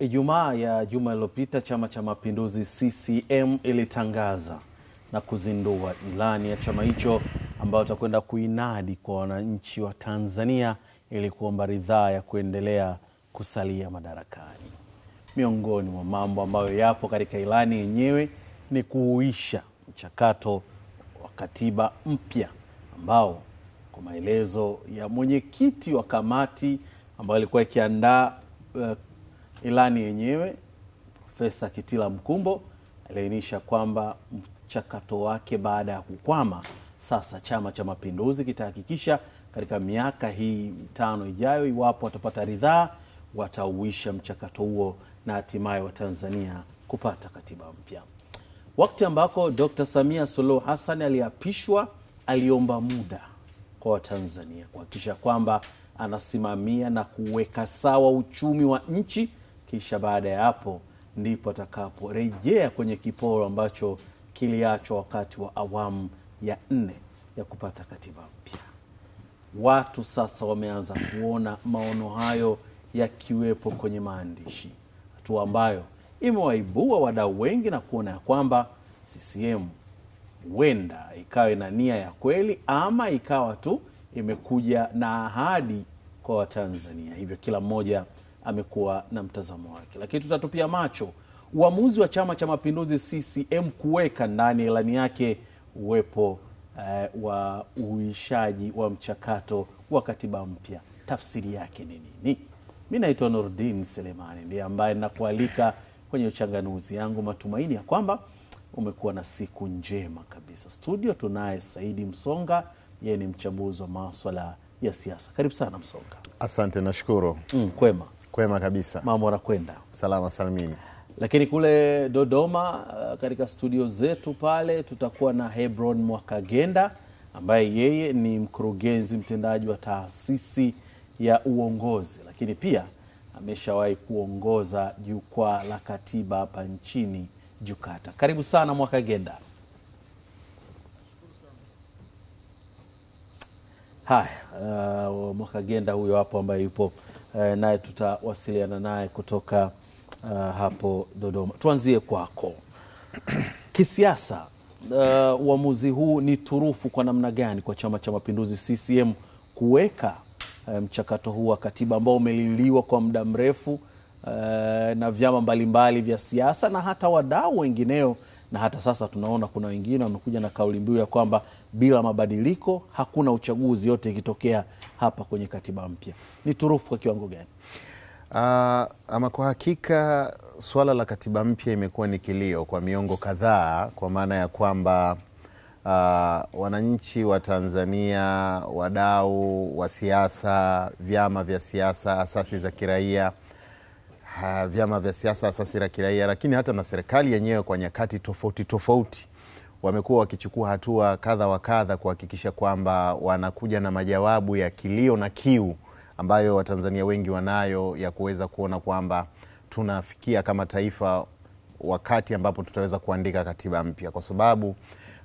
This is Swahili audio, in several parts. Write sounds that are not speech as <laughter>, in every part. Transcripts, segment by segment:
Ijumaa ya juma iliyopita Chama cha Mapinduzi CCM ilitangaza na kuzindua ilani ya chama hicho ambayo itakwenda kuinadi kwa wananchi wa Tanzania ili kuomba ridhaa ya kuendelea kusalia madarakani. Miongoni mwa mambo ambayo yapo katika ilani yenyewe ni kuhuisha mchakato wa katiba mpya ambao kwa maelezo ya mwenyekiti wa kamati ambayo ilikuwa ikiandaa uh, Ilani yenyewe Profesa Kitila Mkumbo aliainisha kwamba mchakato wake baada ya kukwama, sasa Chama cha Mapinduzi kitahakikisha katika miaka hii mitano ijayo, iwapo watapata ridhaa, watauisha mchakato huo na hatimaye Watanzania kupata katiba mpya. Wakati ambako Dr. Samia Suluhu Hassan aliapishwa, aliomba muda kwa Watanzania kuhakikisha kwamba anasimamia na kuweka sawa uchumi wa nchi kisha baada ya hapo ndipo atakaporejea kwenye kiporo ambacho kiliachwa wakati wa awamu ya nne ya kupata katiba mpya. Watu sasa wameanza kuona maono hayo yakiwepo kwenye maandishi, hatua ambayo imewaibua wadau wengi na kuona ya kwamba CCM huenda ikawa ina nia ya kweli ama ikawa tu imekuja na ahadi kwa Watanzania. Hivyo kila mmoja amekuwa na mtazamo wake. Lakini tutatupia macho uamuzi wa Chama cha Mapinduzi CCM kuweka ndani ya ilani yake uwepo eh, wa uishaji wa mchakato wa katiba mpya. Tafsiri yake ni nini? Mi naitwa Nurdin Selemani, ndiye ambaye nakualika kwenye uchanganuzi yangu, matumaini ya kwamba umekuwa na siku njema kabisa. Studio tunaye Saidi Msonga, yeye ni mchambuzi wa maswala ya siasa. Karibu sana Msonga. Asante, nashukuru. Mm, kwema Kwema kabisa, mambo anakwenda salama salmini Lakini kule Dodoma eh, katika studio zetu pale tutakuwa na Hebron Mwakagenda ambaye yeye ni mkurugenzi mtendaji wa taasisi ya uongozi, lakini pia ameshawahi kuongoza jukwaa la katiba hapa nchini JUKATA. Karibu sana Mwakagenda. Haya, uh, Mwakagenda huyo hapo ambaye yupo eh, naye tutawasiliana naye kutoka uh, hapo Dodoma. Tuanzie kwako <clears throat> kisiasa. Uh, uamuzi huu ni turufu kwa namna gani kwa Chama cha Mapinduzi CCM kuweka eh, mchakato huu wa katiba ambao umeliliwa kwa muda mrefu uh, na vyama mbalimbali mbali vya siasa na hata wadau wengineo na hata sasa tunaona kuna wengine wamekuja na kauli mbiu ya kwamba bila mabadiliko hakuna uchaguzi, yote ikitokea hapa kwenye katiba mpya. Ni turufu kwa kiwango gani? Uh, ama kwa hakika suala la katiba mpya imekuwa ni kilio kwa miongo kadhaa, kwa maana ya kwamba uh, wananchi wa Tanzania, wadau wa siasa, vyama vya siasa, asasi za kiraia Uh, vyama vya siasa asasi la kiraia, lakini hata na serikali yenyewe kwa nyakati tofauti tofauti wamekuwa wakichukua hatua kadha wa kadha kuhakikisha kwamba wanakuja na majawabu ya kilio na kiu ambayo Watanzania wengi wanayo ya kuweza kuona kwamba tunafikia kama taifa wakati ambapo tutaweza kuandika katiba mpya, kwa sababu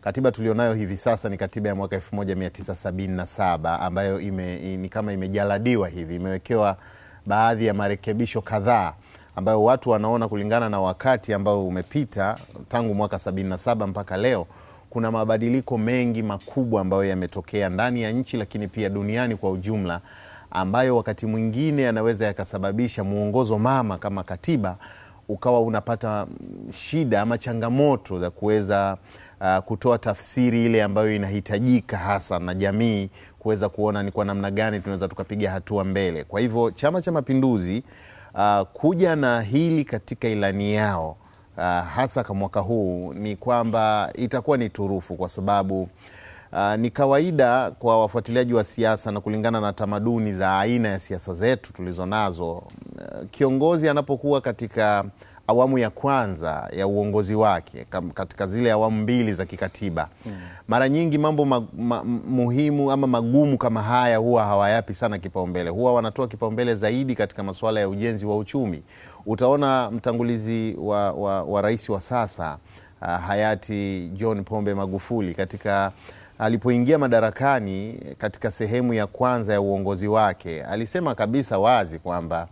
katiba tulionayo hivi sasa ni katiba ya mwaka 1977 ambayo ime, ni kama imejaladiwa hivi, imewekewa baadhi ya marekebisho kadhaa ambayo watu wanaona kulingana na wakati ambao umepita tangu mwaka 77 mpaka leo, kuna mabadiliko mengi makubwa ambayo yametokea ndani ya nchi, lakini pia duniani kwa ujumla, ambayo wakati mwingine yanaweza yakasababisha mwongozo mama kama katiba ukawa unapata shida ama changamoto za kuweza uh, kutoa tafsiri ile ambayo inahitajika hasa na jamii kuweza kuona ni kwa namna gani tunaweza tukapiga hatua mbele. Kwa hivyo Chama cha Mapinduzi uh, kuja na hili katika ilani yao uh, hasa kwa mwaka huu ni kwamba itakuwa ni turufu kwa sababu Uh, ni kawaida kwa wafuatiliaji wa siasa na kulingana na tamaduni za aina ya siasa zetu tulizonazo, uh, kiongozi anapokuwa katika awamu ya kwanza ya uongozi wake katika zile awamu mbili za kikatiba hmm. Mara nyingi mambo ma, ma, muhimu ama magumu kama haya huwa hawayapi sana kipaumbele, huwa wanatoa kipaumbele zaidi katika masuala ya ujenzi wa uchumi. Utaona mtangulizi wa, wa, wa rais wa sasa uh, hayati John Pombe Magufuli katika alipoingia madarakani katika sehemu ya kwanza ya uongozi wake alisema kabisa wazi kwamba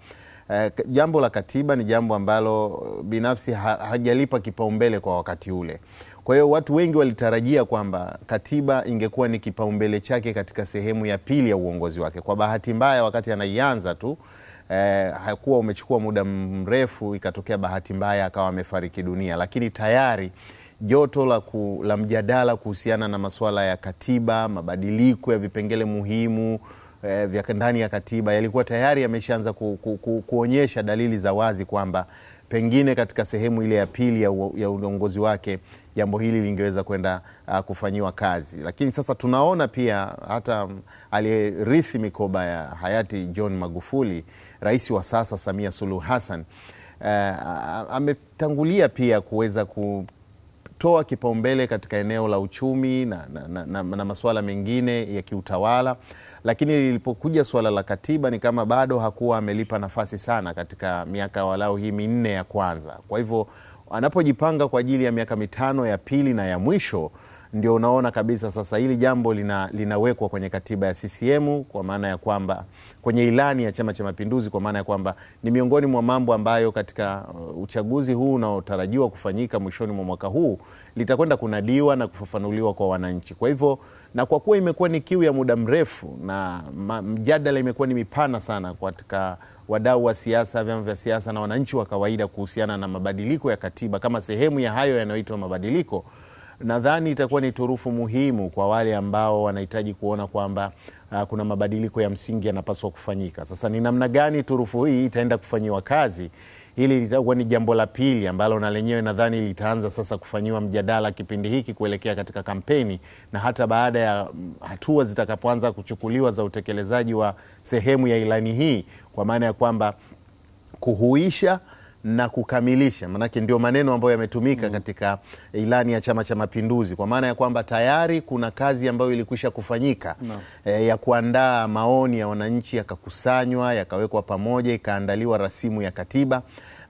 eh, jambo la katiba ni jambo ambalo eh, binafsi ha, hajalipa kipaumbele kwa wakati ule. Kwa hiyo watu wengi walitarajia kwamba katiba ingekuwa ni kipaumbele chake katika sehemu ya pili ya uongozi wake. Kwa bahati mbaya, wakati anaianza tu eh, hakuwa umechukua muda mrefu, ikatokea bahati mbaya akawa amefariki dunia, lakini tayari joto la, ku, la mjadala kuhusiana na masuala ya katiba, mabadiliko ya vipengele muhimu eh, vya ndani ya katiba yalikuwa tayari yameshaanza ku, ku, ku, kuonyesha dalili za wazi kwamba pengine katika sehemu ile ya pili ya, uongozi wake jambo hili lingeweza kwenda uh, kufanyiwa kazi, lakini sasa tunaona pia hata mm, aliyerithi mikoba ya hayati John Magufuli, rais wa sasa Samia Suluhu Hassan uh, ametangulia pia kuweza ku kutoa kipaumbele katika eneo la uchumi na, na, na, na, na masuala mengine ya kiutawala, lakini lilipokuja suala la katiba ni kama bado hakuwa amelipa nafasi sana katika miaka walau hii minne ya kwanza. Kwa hivyo anapojipanga kwa ajili ya miaka mitano ya pili na ya mwisho ndio unaona kabisa sasa hili jambo lina, linawekwa kwenye katiba ya CCM kwa maana ya kwamba kwenye ilani ya Chama cha Mapinduzi, kwa maana ya kwamba ni miongoni mwa mambo ambayo katika uh, uchaguzi huu unaotarajiwa kufanyika mwishoni mwa mwaka huu litakwenda kunadiwa na kufafanuliwa kwa wananchi. Kwa hivyo, na kwa kuwa imekuwa ni kiu ya muda mrefu na mjadala imekuwa ni mipana sana katika wadau wa siasa, vyama vya siasa na wananchi wa kawaida kuhusiana na mabadiliko ya katiba kama sehemu ya hayo yanayoitwa mabadiliko nadhani itakuwa ni turufu muhimu kwa wale ambao wanahitaji kuona kwamba uh, kuna mabadiliko ya msingi yanapaswa kufanyika. Sasa ni namna gani turufu hii itaenda kufanyiwa kazi? Hili litakuwa ni jambo la pili ambalo na lenyewe nadhani litaanza sasa kufanyiwa mjadala kipindi hiki kuelekea katika kampeni na hata baada ya mm, hatua zitakapoanza kuchukuliwa za utekelezaji wa sehemu ya ilani hii, kwa maana ya kwamba kuhuisha na kukamilisha, maanake ndio maneno ambayo yametumika mm. katika ilani ya Chama cha Mapinduzi, kwa maana ya kwamba tayari kuna kazi ambayo ilikwisha kufanyika no. eh, ya kuandaa maoni ya wananchi yakakusanywa, yakawekwa pamoja, ikaandaliwa rasimu ya katiba,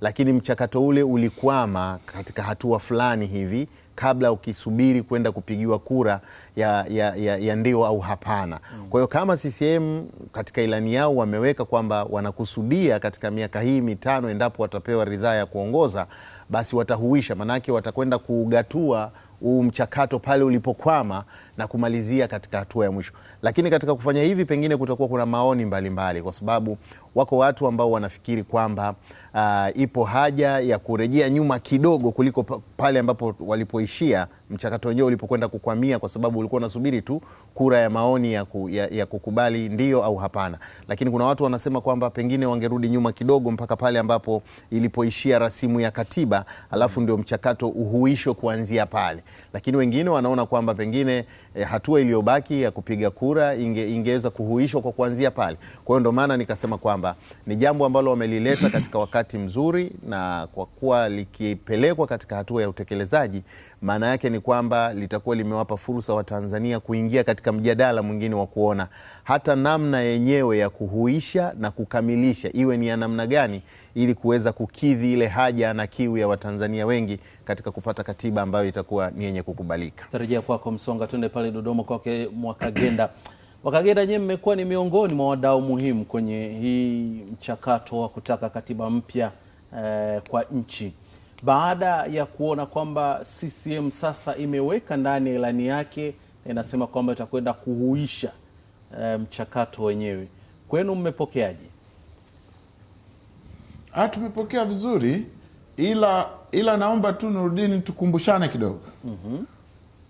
lakini mchakato ule ulikwama katika hatua fulani hivi kabla ukisubiri kwenda kupigiwa kura ya, ya, ya, ya ndio au hapana. Mm. Kwa hiyo kama CCM katika ilani yao wameweka kwamba wanakusudia katika miaka hii mitano, endapo watapewa ridhaa ya kuongoza, basi watahuisha, maanake watakwenda kugatua huu mchakato pale ulipokwama na kumalizia katika hatua ya mwisho. Lakini katika kufanya hivi, pengine kutakuwa kuna maoni mbalimbali mbali, kwa sababu wako watu ambao wanafikiri kwamba uh, ipo haja ya kurejea nyuma kidogo kuliko pale ambapo walipoishia mchakato wenyewe ulipokwenda kukwamia, kwa sababu ulikuwa unasubiri tu kura ya maoni ya, ku, ya, ya kukubali ndio au hapana. Lakini kuna watu wanasema kwamba pengine wangerudi nyuma kidogo mpaka pale ambapo ilipoishia rasimu ya katiba, alafu ndio mchakato uhuishwe kuanzia pale. Lakini wengine wanaona kwamba pengine e, hatua iliyobaki ya kupiga kura inge, ingeweza kuhuishwa kwa kuanzia pale. Kwa hiyo ndio maana nikasema kwamba ni jambo ambalo wamelileta <clears throat> katika wakati mzuri, na kwa kuwa likipelekwa katika hatua ya utekelezaji, maana yake ni kwamba litakuwa limewapa fursa Watanzania kuingia katika mjadala mwingine wa kuona hata namna yenyewe ya kuhuisha na kukamilisha iwe ni ya namna gani ili kuweza kukidhi ile haja na kiu ya Watanzania wengi katika kupata katiba ambayo itakuwa ni yenye kukubalika. Tarejea kwako Msonga, twende pale Dodoma kwake Mwakagenda. Wakagenda nyewe, mmekuwa ni miongoni mwa wadau muhimu kwenye hii mchakato wa kutaka katiba mpya eh, kwa nchi baada ya kuona kwamba CCM sasa imeweka ndani ya ilani yake na inasema kwamba itakwenda kuhuisha eh, mchakato wenyewe, kwenu mmepokeaje? Ah, tumepokea vizuri, ila ila naomba tu Nurudini, tukumbushane kidogo mm -hmm.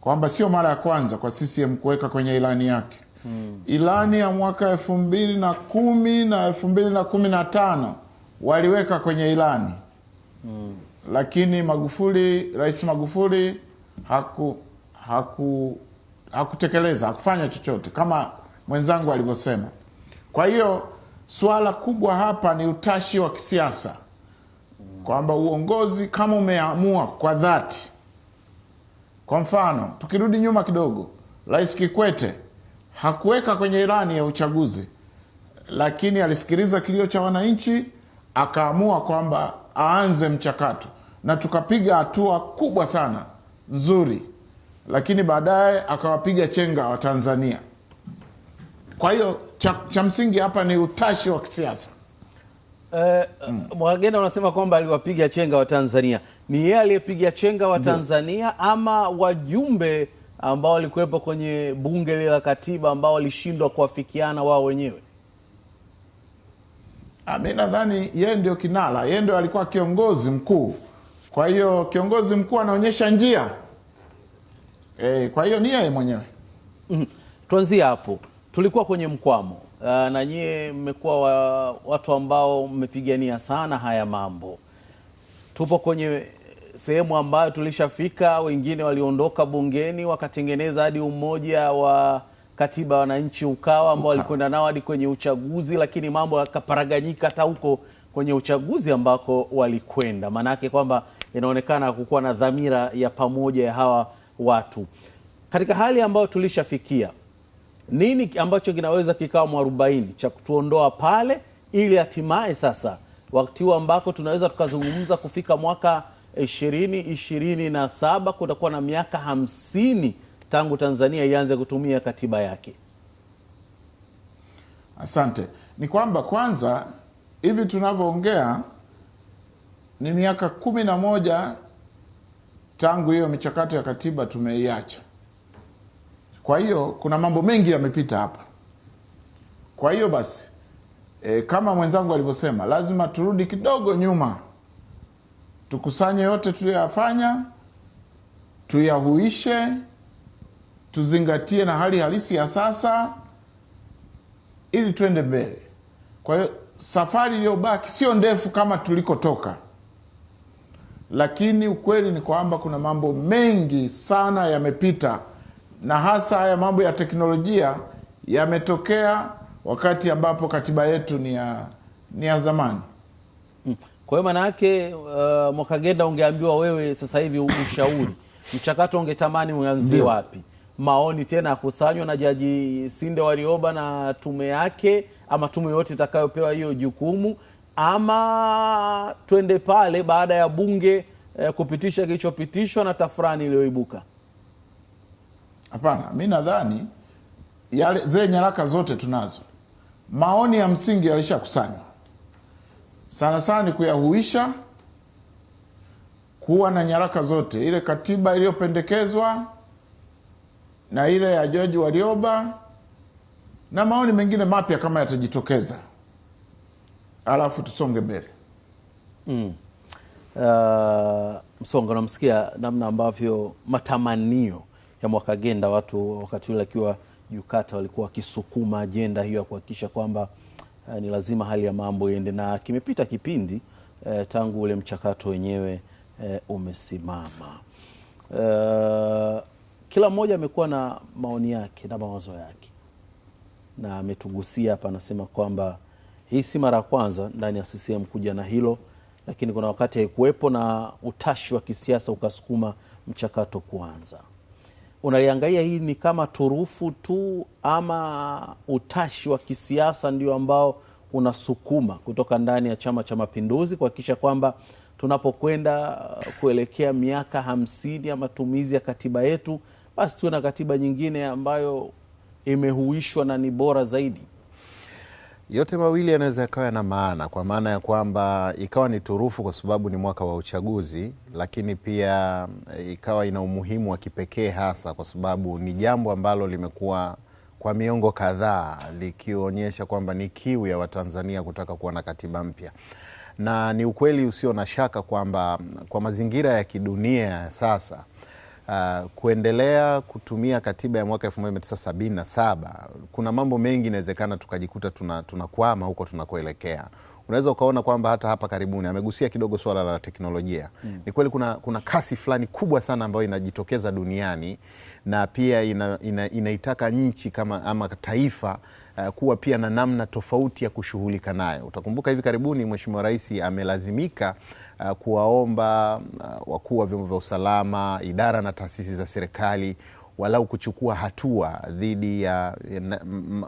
kwamba sio mara ya kwanza kwa CCM kuweka kwenye ilani yake mm -hmm. ilani ya mwaka elfu mbili na kumi na elfu mbili na kumi na tano waliweka kwenye ilani mm -hmm. lakini Magufuli, Rais Magufuli haku haku hakutekeleza hakufanya chochote kama mwenzangu alivyosema. Kwa hiyo Swala kubwa hapa ni utashi wa kisiasa, kwamba uongozi kama umeamua kwa dhati. Kwa mfano, tukirudi nyuma kidogo, Rais Kikwete hakuweka kwenye ilani ya uchaguzi, lakini alisikiliza kilio cha wananchi, akaamua kwamba aanze mchakato, na tukapiga hatua kubwa sana nzuri, lakini baadaye akawapiga chenga Watanzania. Kwa hiyo cha, cha msingi hapa ni utashi wa kisiasa. Eh, mm. Eh, Mwagenda unasema kwamba aliwapiga chenga wa Tanzania. Ni yeye aliyepiga chenga wa Tanzania ama wajumbe ambao walikuwepo kwenye bunge la katiba ambao walishindwa kuafikiana wao wenyewe? Ah, mi nadhani yeye ndio kinara, yeye ndio alikuwa kiongozi mkuu. Kwa hiyo kiongozi mkuu anaonyesha njia e, kwa hiyo ni yeye mwenyewe. mm. Tuanzie hapo tulikuwa kwenye mkwamo uh, na nyie mmekuwa wa, watu ambao mmepigania sana haya mambo. Tupo kwenye sehemu ambayo tulishafika, wengine waliondoka bungeni wakatengeneza hadi umoja wa katiba wananchi UKAWA ambao walikwenda nao hadi kwenye uchaguzi, lakini mambo yakaparaganyika hata huko kwenye uchaguzi ambako walikwenda. maanaake kwamba inaonekana kukuwa na dhamira ya pamoja ya hawa watu katika hali ambayo tulishafikia nini ambacho kinaweza kikawa mwarubaini cha kutuondoa pale, ili hatimaye sasa wakati huu ambako tunaweza tukazungumza kufika mwaka ishirini ishirini na saba kutakuwa na miaka hamsini tangu Tanzania ianze kutumia katiba yake. Asante. Ni kwamba kwanza, hivi tunavyoongea ni miaka kumi na moja tangu hiyo michakato ya katiba tumeiacha. Kwa hiyo kuna mambo mengi yamepita hapa. Kwa hiyo basi e, kama mwenzangu alivyosema, lazima turudi kidogo nyuma, tukusanye yote tuliyoyafanya, tuyahuishe, tuzingatie na hali halisi ya sasa ili tuende mbele. Kwa hiyo safari iliyobaki sio ndefu kama tulikotoka, lakini ukweli ni kwamba kuna mambo mengi sana yamepita na hasa haya mambo ya teknolojia yametokea wakati ambapo katiba yetu ni ya, ni ya zamani. Hmm. Kwa hiyo maana uh, Mwakagenda, ungeambiwa wewe sasa hivi ushauri <coughs> mchakato ungetamani uanzie wapi? Maoni tena yakusanywa na Jaji Sinde Warioba na tume yake, ama tume yoyote itakayopewa hiyo jukumu, ama twende pale baada ya bunge eh, kupitisha kilichopitishwa na tafurani iliyoibuka. Hapana, mi nadhani zile nyaraka zote tunazo, maoni ya msingi yalishakusanywa, sana sana ni kuyahuisha, kuwa na nyaraka zote, ile katiba iliyopendekezwa na ile ya George walioba na maoni mengine mapya kama yatajitokeza, alafu tusonge mbele mm. Uh, Msonga, namsikia namna ambavyo matamanio ya Mwakagenda, watu wakati ule akiwa Jukata walikuwa wakisukuma ajenda hiyo ya kuhakikisha kwamba eh, ni lazima hali ya mambo iende, na kimepita kipindi eh, tangu ule mchakato wenyewe eh, umesimama. Eh, kila mmoja amekuwa na maoni yake na mawazo yake, na ametugusia hapa, anasema kwamba hii si mara ya kwanza ndani ya CCM kuja na hilo, lakini kuna wakati haikuwepo na utashi wa kisiasa ukasukuma mchakato kuanza unaliangalia hii ni kama turufu tu ama utashi wa kisiasa ndio ambao unasukuma kutoka ndani ya Chama cha Mapinduzi kuhakikisha kwamba tunapokwenda uh, kuelekea miaka hamsini ya matumizi ya katiba yetu, basi tuwe na katiba nyingine ambayo imehuishwa na ni bora zaidi. Yote mawili yanaweza yakawa yana maana, kwa maana ya kwamba ikawa ni turufu kwa sababu ni mwaka wa uchaguzi, lakini pia eh, ikawa ina umuhimu wa kipekee hasa kwa sababu ni jambo ambalo limekuwa kwa miongo kadhaa likionyesha kwamba ni kiu ya Watanzania kutaka kuwa na katiba mpya, na ni ukweli usio na shaka kwamba kwa mazingira ya kidunia ya sasa uh, kuendelea kutumia katiba ya mwaka 1977 kuna mambo mengi inawezekana tukajikuta tunakwama tuna huko tunakoelekea unaweza ukaona kwamba hata hapa karibuni amegusia kidogo swala la teknolojia mm. Ni kweli kuna, kuna kasi fulani kubwa sana ambayo inajitokeza duniani na pia ina, ina, inaitaka nchi kama ama taifa uh, kuwa pia na namna tofauti ya kushughulika nayo. Utakumbuka hivi karibuni Mheshimiwa Rais amelazimika uh, kuwaomba uh, wakuu wa vyombo vya usalama, idara na taasisi za serikali walau kuchukua hatua dhidi ya, ya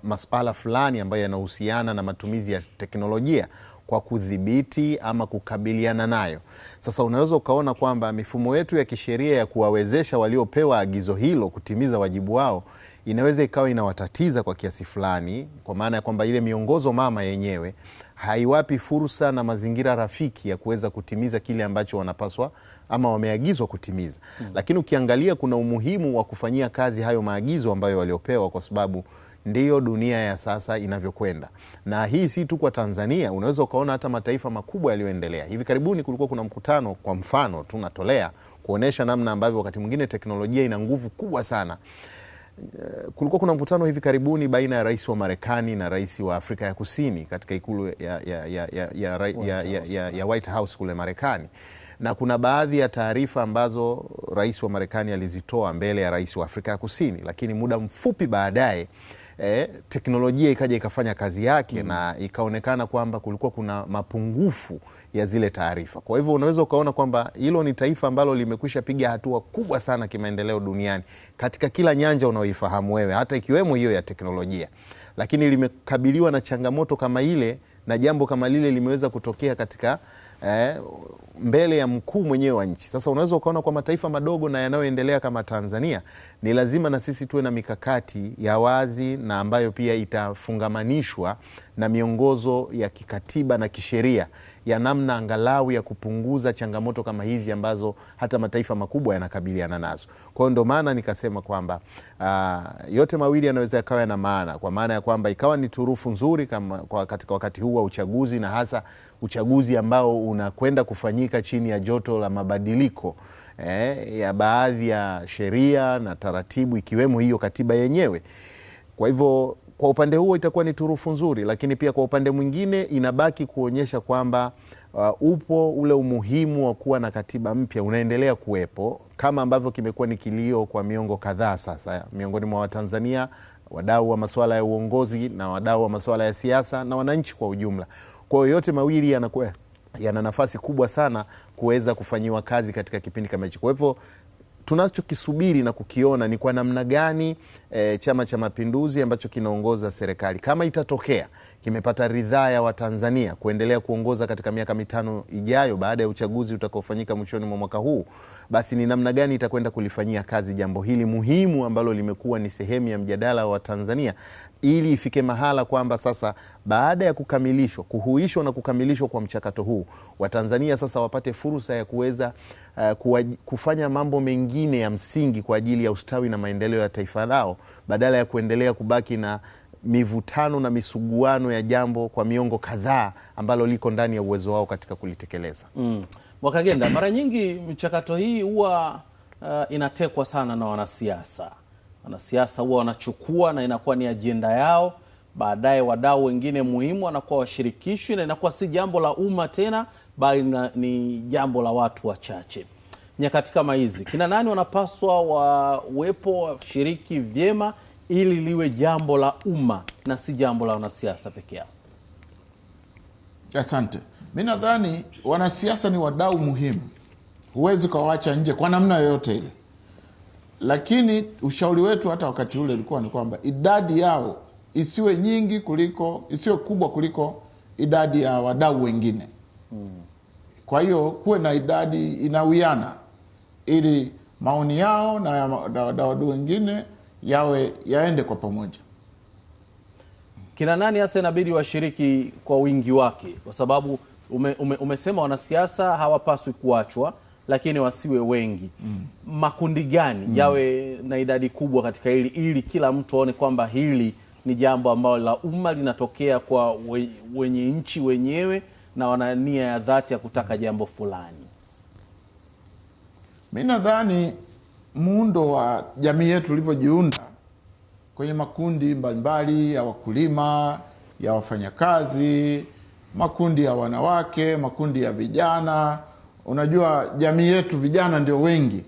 masuala fulani ambayo yanahusiana na matumizi ya teknolojia kwa kudhibiti ama kukabiliana nayo. Sasa unaweza ukaona kwamba mifumo yetu ya kisheria ya kuwawezesha waliopewa agizo hilo kutimiza wajibu wao inaweza ikawa inawatatiza kwa kiasi fulani, kwa maana ya kwamba ile miongozo mama yenyewe haiwapi fursa na mazingira rafiki ya kuweza kutimiza kile ambacho wanapaswa ama wameagizwa kutimiza. Hmm. Lakini ukiangalia kuna umuhimu wa kufanyia kazi hayo maagizo ambayo waliopewa kwa sababu ndiyo dunia ya sasa inavyokwenda, na hii si tu kwa Tanzania. Unaweza ukaona hata mataifa makubwa yaliyoendelea. Hivi karibuni kulikuwa kuna mkutano, kwa mfano natolea kuonesha namna ambavyo wakati mwingine teknolojia ina nguvu kubwa sana. Eh, kulikuwa kuna mkutano hivi karibuni baina ya rais wa Marekani na rais wa Afrika ya Kusini katika ikulu ya, ya, ya, ya, ya, ya, ya, ya, ya White House kule Marekani, na kuna baadhi ya taarifa ambazo rais wa Marekani alizitoa mbele ya rais wa Afrika ya Kusini, lakini muda mfupi baadaye eh, teknolojia ikaja ikafanya kazi yake mm. na ikaonekana kwamba kulikuwa kuna mapungufu ya zile taarifa. Kwa hivyo unaweza ukaona kwamba hilo ni taifa ambalo limekwisha piga hatua kubwa sana kimaendeleo duniani katika kila nyanja unaoifahamu wewe, hata ikiwemo hiyo ya teknolojia, lakini limekabiliwa na changamoto kama ile na jambo kama lile limeweza kutokea katika eh, mbele ya mkuu mwenyewe wa nchi. Sasa unaweza ukaona kwa mataifa madogo na yanayoendelea kama Tanzania, ni lazima na sisi tuwe na mikakati ya wazi na ambayo pia itafungamanishwa na miongozo ya kikatiba na kisheria ya namna angalau ya kupunguza changamoto kama hizi ambazo hata mataifa makubwa yanakabiliana nazo. Kwa hiyo ndio maana nikasema kwamba uh, yote mawili yanaweza yakawa yana maana, kwa maana ya kwamba ikawa ni turufu nzuri kama kwa katika wakati huu wa uchaguzi na hasa uchaguzi ambao unakwenda kufanyika chini ya joto la mabadiliko eh, ya baadhi ya sheria na taratibu ikiwemo hiyo katiba yenyewe. Kwa hivyo kwa upande huo itakuwa ni turufu nzuri, lakini pia kwa upande mwingine inabaki kuonyesha kwamba uh, upo ule umuhimu wa kuwa na katiba mpya unaendelea kuwepo kama ambavyo kimekuwa ni kilio kwa miongo kadhaa sasa miongoni mwa Watanzania, wadau wa masuala ya uongozi na wadau wa masuala ya siasa na wananchi kwa ujumla. Kwa hiyo yote mawili yanakuwa yana nafasi kubwa sana kuweza kufanyiwa kazi katika kipindi kama hichi. Kwa hivyo tunachokisubiri na kukiona ni kwa namna gani e, Chama cha Mapinduzi ambacho kinaongoza serikali kama itatokea kimepata ridhaa ya Watanzania kuendelea kuongoza katika miaka mitano ijayo baada ya uchaguzi utakaofanyika mwishoni mwa mwaka huu basi ni namna gani itakwenda kulifanyia kazi jambo hili muhimu ambalo limekuwa ni sehemu ya mjadala wa Tanzania ili ifike mahala kwamba sasa baada ya kukamilishwa, kuhuishwa na kukamilishwa kwa mchakato huu, Watanzania sasa wapate fursa ya kuweza uh, kufanya mambo mengine ya msingi kwa ajili ya ustawi na maendeleo ya taifa lao badala ya kuendelea kubaki na mivutano na misuguano ya jambo kwa miongo kadhaa ambalo liko ndani ya uwezo wao katika kulitekeleza. Mm. Mwakagenda, mara nyingi mchakato hii huwa uh, inatekwa sana na wanasiasa. Wanasiasa huwa wanachukua na inakuwa ni ajenda yao, baadaye wadau wengine muhimu wanakuwa washirikishwi na inakuwa si jambo la umma tena, bali na, ni jambo la watu wachache. Nyakati kama hizi, kina nani wanapaswa wawepo washiriki vyema ili liwe jambo la umma na si jambo la wanasiasa peke yao? Asante. Mi nadhani wanasiasa ni wadau muhimu, huwezi kawacha nje kwa namna yoyote ile, lakini ushauri wetu hata wakati ule ulikuwa ni kwamba idadi yao isiwe nyingi kuliko, isiwe kubwa kuliko idadi ya wadau wengine Kwa hiyo kuwe na idadi inawiana, ili maoni yao na wadau wengine yawe yaende kwa pamoja. Kina nani hasa inabidi washiriki kwa wingi wake, kwa sababu ume, ume, umesema wanasiasa hawapaswi kuachwa lakini wasiwe wengi mm. Makundi gani mm. yawe na idadi kubwa katika hili ili kila mtu aone kwamba hili ni jambo ambalo la umma linatokea kwa we, wenye nchi wenyewe na wana nia ya dhati ya kutaka jambo fulani. Mi nadhani muundo wa jamii yetu ulivyojiunda kwenye makundi mbalimbali ya wakulima ya wafanyakazi makundi ya wanawake, makundi ya vijana. Unajua jamii yetu vijana ndio wengi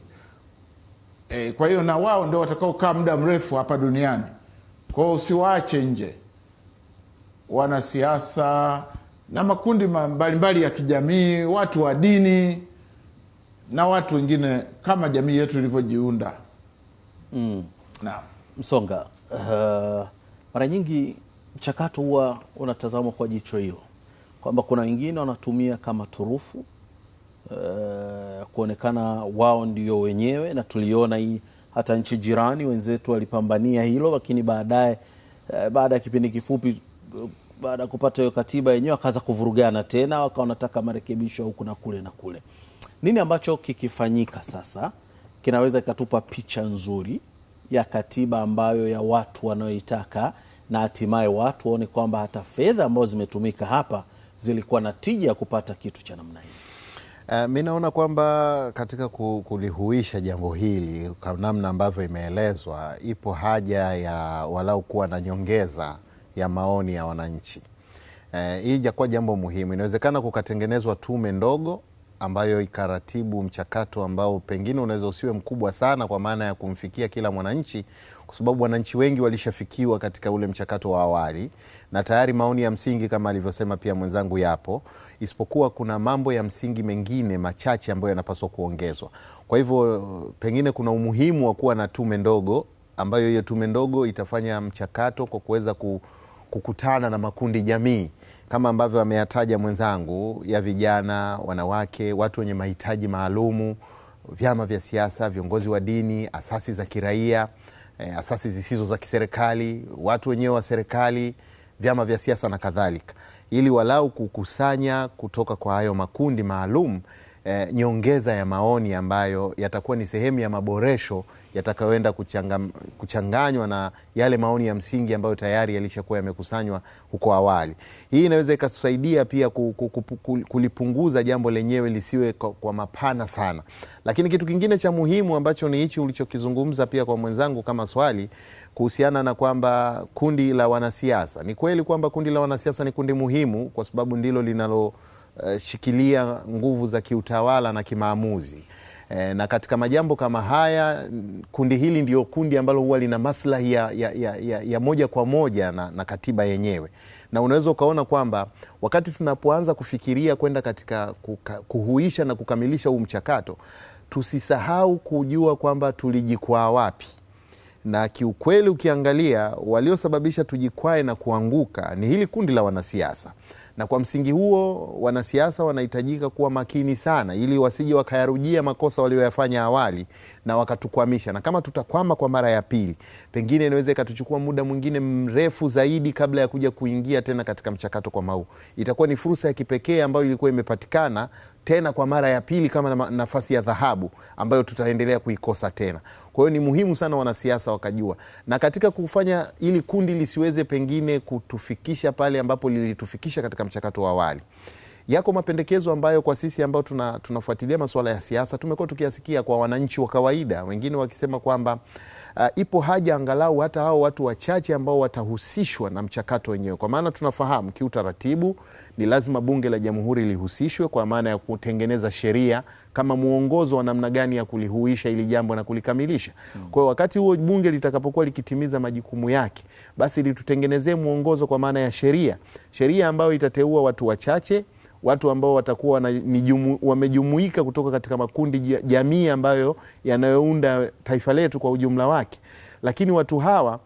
e, kwa hiyo na wao ndio watakaokaa muda mrefu hapa duniani. Kwa usiwaache nje wanasiasa na makundi mbalimbali mbali ya kijamii, watu wa dini na watu wengine kama jamii yetu ilivyojiunda. Mm. na Msonga, uh, mara nyingi mchakato huwa unatazamwa kwa jicho hilo kwamba kuna wengine wanatumia kama turufu e, kuonekana wao ndio wenyewe, na tuliona hii hata nchi jirani wenzetu walipambania hilo, lakini baadaye e, baada ya kipindi kifupi baada ya kupata hiyo katiba yenyewe wakaanza kuvurugana tena, wakawa wanataka marekebisho huku na kule na kule. Nini ambacho kikifanyika sasa kinaweza kikatupa picha nzuri ya katiba ambayo ya watu wanayoitaka, na hatimaye watu waone kwamba hata fedha ambazo zimetumika hapa zilikuwa na tija ya kupata kitu cha namna hii? Uh, mi naona kwamba katika kulihuisha jambo hili kwa namna ambavyo imeelezwa, ipo haja ya walau kuwa na nyongeza ya maoni ya wananchi. Uh, hii jakuwa jambo muhimu. Inawezekana kukatengenezwa tume ndogo ambayo ikaratibu mchakato ambao pengine unaweza usiwe mkubwa sana kwa maana ya kumfikia kila mwananchi, kwa sababu wananchi wengi walishafikiwa katika ule mchakato wa awali, na tayari maoni ya msingi kama alivyosema pia mwenzangu yapo, isipokuwa kuna mambo ya msingi mengine machache ambayo yanapaswa kuongezwa. Kwa hivyo pengine kuna umuhimu wa kuwa na tume ndogo, ambayo hiyo tume ndogo itafanya mchakato kwa kuweza ku kukutana na makundi jamii kama ambavyo ameyataja mwenzangu ya vijana, wanawake, watu wenye mahitaji maalumu, vyama vya siasa, viongozi wa dini, asasi za kiraia, eh, asasi zisizo za kiserikali, watu wenyewe wa serikali, vyama vya siasa na kadhalika, ili walau kukusanya kutoka kwa hayo makundi maalum eh, nyongeza ya maoni ambayo yatakuwa ni sehemu ya maboresho yatakayoenda kuchanganywa na yale maoni ya msingi ambayo tayari yalishakuwa yamekusanywa huko awali. Hii inaweza ikatusaidia pia kulipunguza jambo lenyewe lisiwe kwa mapana sana, lakini kitu kingine cha muhimu ambacho ni hichi ulichokizungumza pia kwa mwenzangu kama swali kuhusiana na kwamba kundi la wanasiasa, ni kweli kwamba kundi la wanasiasa ni kundi muhimu kwa sababu ndilo linaloshikilia eh, nguvu za kiutawala na kimaamuzi E, na katika majambo kama haya kundi hili ndio kundi ambalo huwa lina maslahi ya, ya, ya, ya moja kwa moja na, na katiba yenyewe, na unaweza ukaona kwamba wakati tunapoanza kufikiria kwenda katika kuka, kuhuisha na kukamilisha huu mchakato tusisahau kujua kwamba tulijikwaa wapi na kiukweli ukiangalia waliosababisha tujikwae na kuanguka ni hili kundi la wanasiasa na kwa msingi huo wanasiasa wanahitajika kuwa makini sana, ili wasije wakayarujia makosa walioyafanya awali na wakatukwamisha. Na kama tutakwama kwa mara ya pili, pengine inaweza ikatuchukua muda mwingine mrefu zaidi kabla ya kuja kuingia tena katika mchakato kwa mau Itakuwa ni fursa ya kipekee ambayo ilikuwa imepatikana tena kwa mara ya pili kama nafasi ya dhahabu ambayo tutaendelea kuikosa tena. Kwa hiyo ni muhimu sana wanasiasa wakajua, na katika kufanya ili kundi lisiweze pengine kutufikisha pale ambapo lilitufikisha katika mchakato wa awali yako mapendekezo ambayo kwa sisi ambao tuna, tunafuatilia masuala ya siasa tumekuwa tukiyasikia kwa wananchi wa kawaida, wengine wakisema kwamba uh, ipo haja angalau hata hao watu wachache ambao watahusishwa na mchakato wenyewe, kwa maana tunafahamu kiutaratibu ni lazima Bunge la Jamhuri lihusishwe kwa maana ya kutengeneza sheria kama mwongozo wa namna gani ya kulihuisha ili jambo na kulikamilisha. Hmm. Kwa hiyo wakati huo bunge litakapokuwa likitimiza majukumu yake, basi litutengenezee mwongozo kwa maana ya sheria, sheria ambayo itateua watu wachache watu ambao watakuwa wamejumuika kutoka katika makundi jamii ambayo yanayounda taifa letu kwa ujumla wake, lakini watu hawa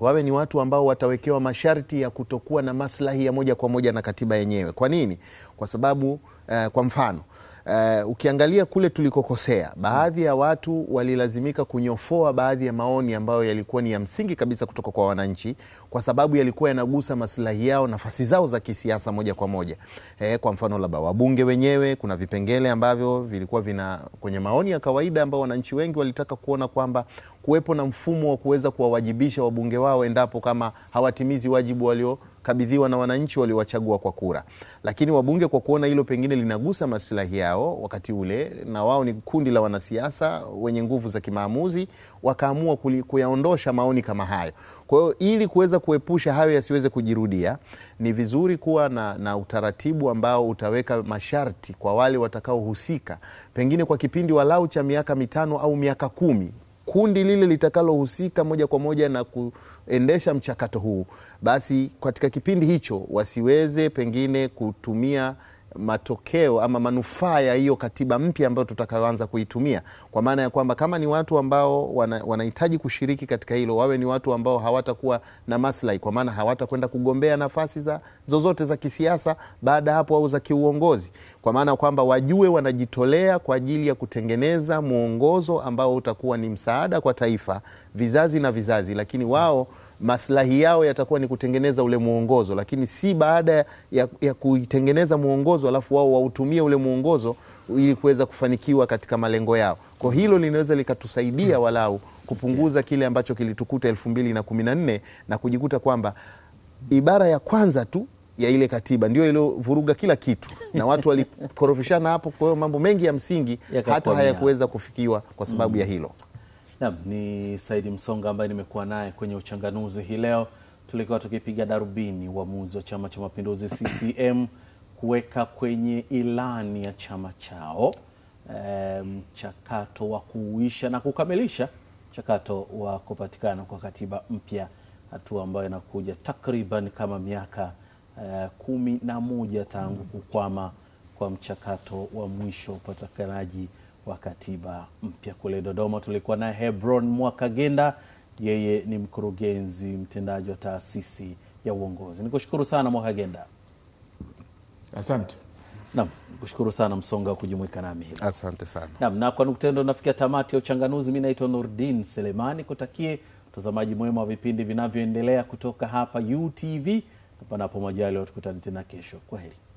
wawe ni watu ambao watawekewa masharti ya kutokuwa na maslahi ya moja kwa moja na katiba yenyewe. Kwa nini? Kwa sababu uh, kwa mfano Uh, ukiangalia kule tulikokosea, baadhi ya watu walilazimika kunyofoa baadhi ya maoni ambayo yalikuwa ni ya msingi kabisa kutoka kwa wananchi, kwa sababu yalikuwa yanagusa maslahi yao, nafasi zao za kisiasa moja kwa moja. Eh, kwa mfano labda wabunge wenyewe, kuna vipengele ambavyo vilikuwa vina kwenye maoni ya kawaida ambao wananchi wengi walitaka kuona kwamba kuwepo na mfumo wa kuweza kuwawajibisha wabunge wao endapo kama hawatimizi wajibu walio kabidhiwa na wananchi waliowachagua kwa kura. Lakini wabunge kwa kuona hilo pengine linagusa maslahi yao wakati ule, na wao ni kundi la wanasiasa wenye nguvu za kimaamuzi, wakaamua kuyaondosha maoni kama hayo. Kwa hiyo ili kuweza kuepusha hayo yasiweze kujirudia, ni vizuri kuwa na, na utaratibu ambao utaweka masharti kwa wale watakaohusika, pengine kwa kipindi walau cha miaka mitano au miaka kumi kundi lile litakalohusika moja kwa moja na ku kuendesha mchakato huu, basi katika kipindi hicho wasiweze pengine kutumia matokeo ama manufaa ya hiyo katiba mpya ambayo tutakayoanza kuitumia, kwa maana ya kwamba kama ni watu ambao wanahitaji kushiriki katika hilo, wawe ni watu ambao hawatakuwa na maslahi, kwa maana hawatakwenda kugombea nafasi za zozote za kisiasa baada hapo au za kiuongozi, kwa maana kwamba wajue wanajitolea kwa ajili ya kutengeneza mwongozo ambao utakuwa ni msaada kwa taifa, vizazi na vizazi, lakini wao maslahi yao yatakuwa ni kutengeneza ule mwongozo, lakini si baada ya, ya kuitengeneza mwongozo alafu wao wautumie ule mwongozo ili kuweza kufanikiwa katika malengo yao. Kwa hilo linaweza likatusaidia walau kupunguza kile ambacho kilitukuta elfu mbili na kumi na nne na kujikuta kwamba ibara ya kwanza tu ya ile katiba ndio iliyovuruga kila kitu na watu walikorofishana hapo. Kwa hiyo mambo mengi ya msingi <laughs> hata hayakuweza kufikiwa kwa sababu mm. ya hilo. Naam, ni Saidi Msonga ambaye nimekuwa naye kwenye uchanganuzi hii leo. Tulikuwa tukipiga darubini uamuzi wa Chama cha Mapinduzi CCM kuweka kwenye ilani ya chama chao eh, mchakato um, wa kuuisha na kukamilisha mchakato wa kupatikana kwa katiba mpya, hatua ambayo inakuja takriban kama miaka uh, kumi na moja tangu kukwama kwa mchakato wa mwisho upatikanaji wa katiba mpya kule Dodoma. Tulikuwa naye Hebron Mwakagenda, yeye ni mkurugenzi mtendaji wa taasisi ya uongozi. Nikushukuru sana Mwakagenda. Asante. Naam, kushukuru sana Msonga wa kujumuika nami hivi. Asante sana. Naam, na kwa nukta ndo nafikia tamati ya uchanganuzi. Mi naitwa Nurdin Selemani, kutakie mtazamaji mwema wa vipindi vinavyoendelea kutoka hapa UTV. Panapo majali watukutane tena kesho. Kwa heri.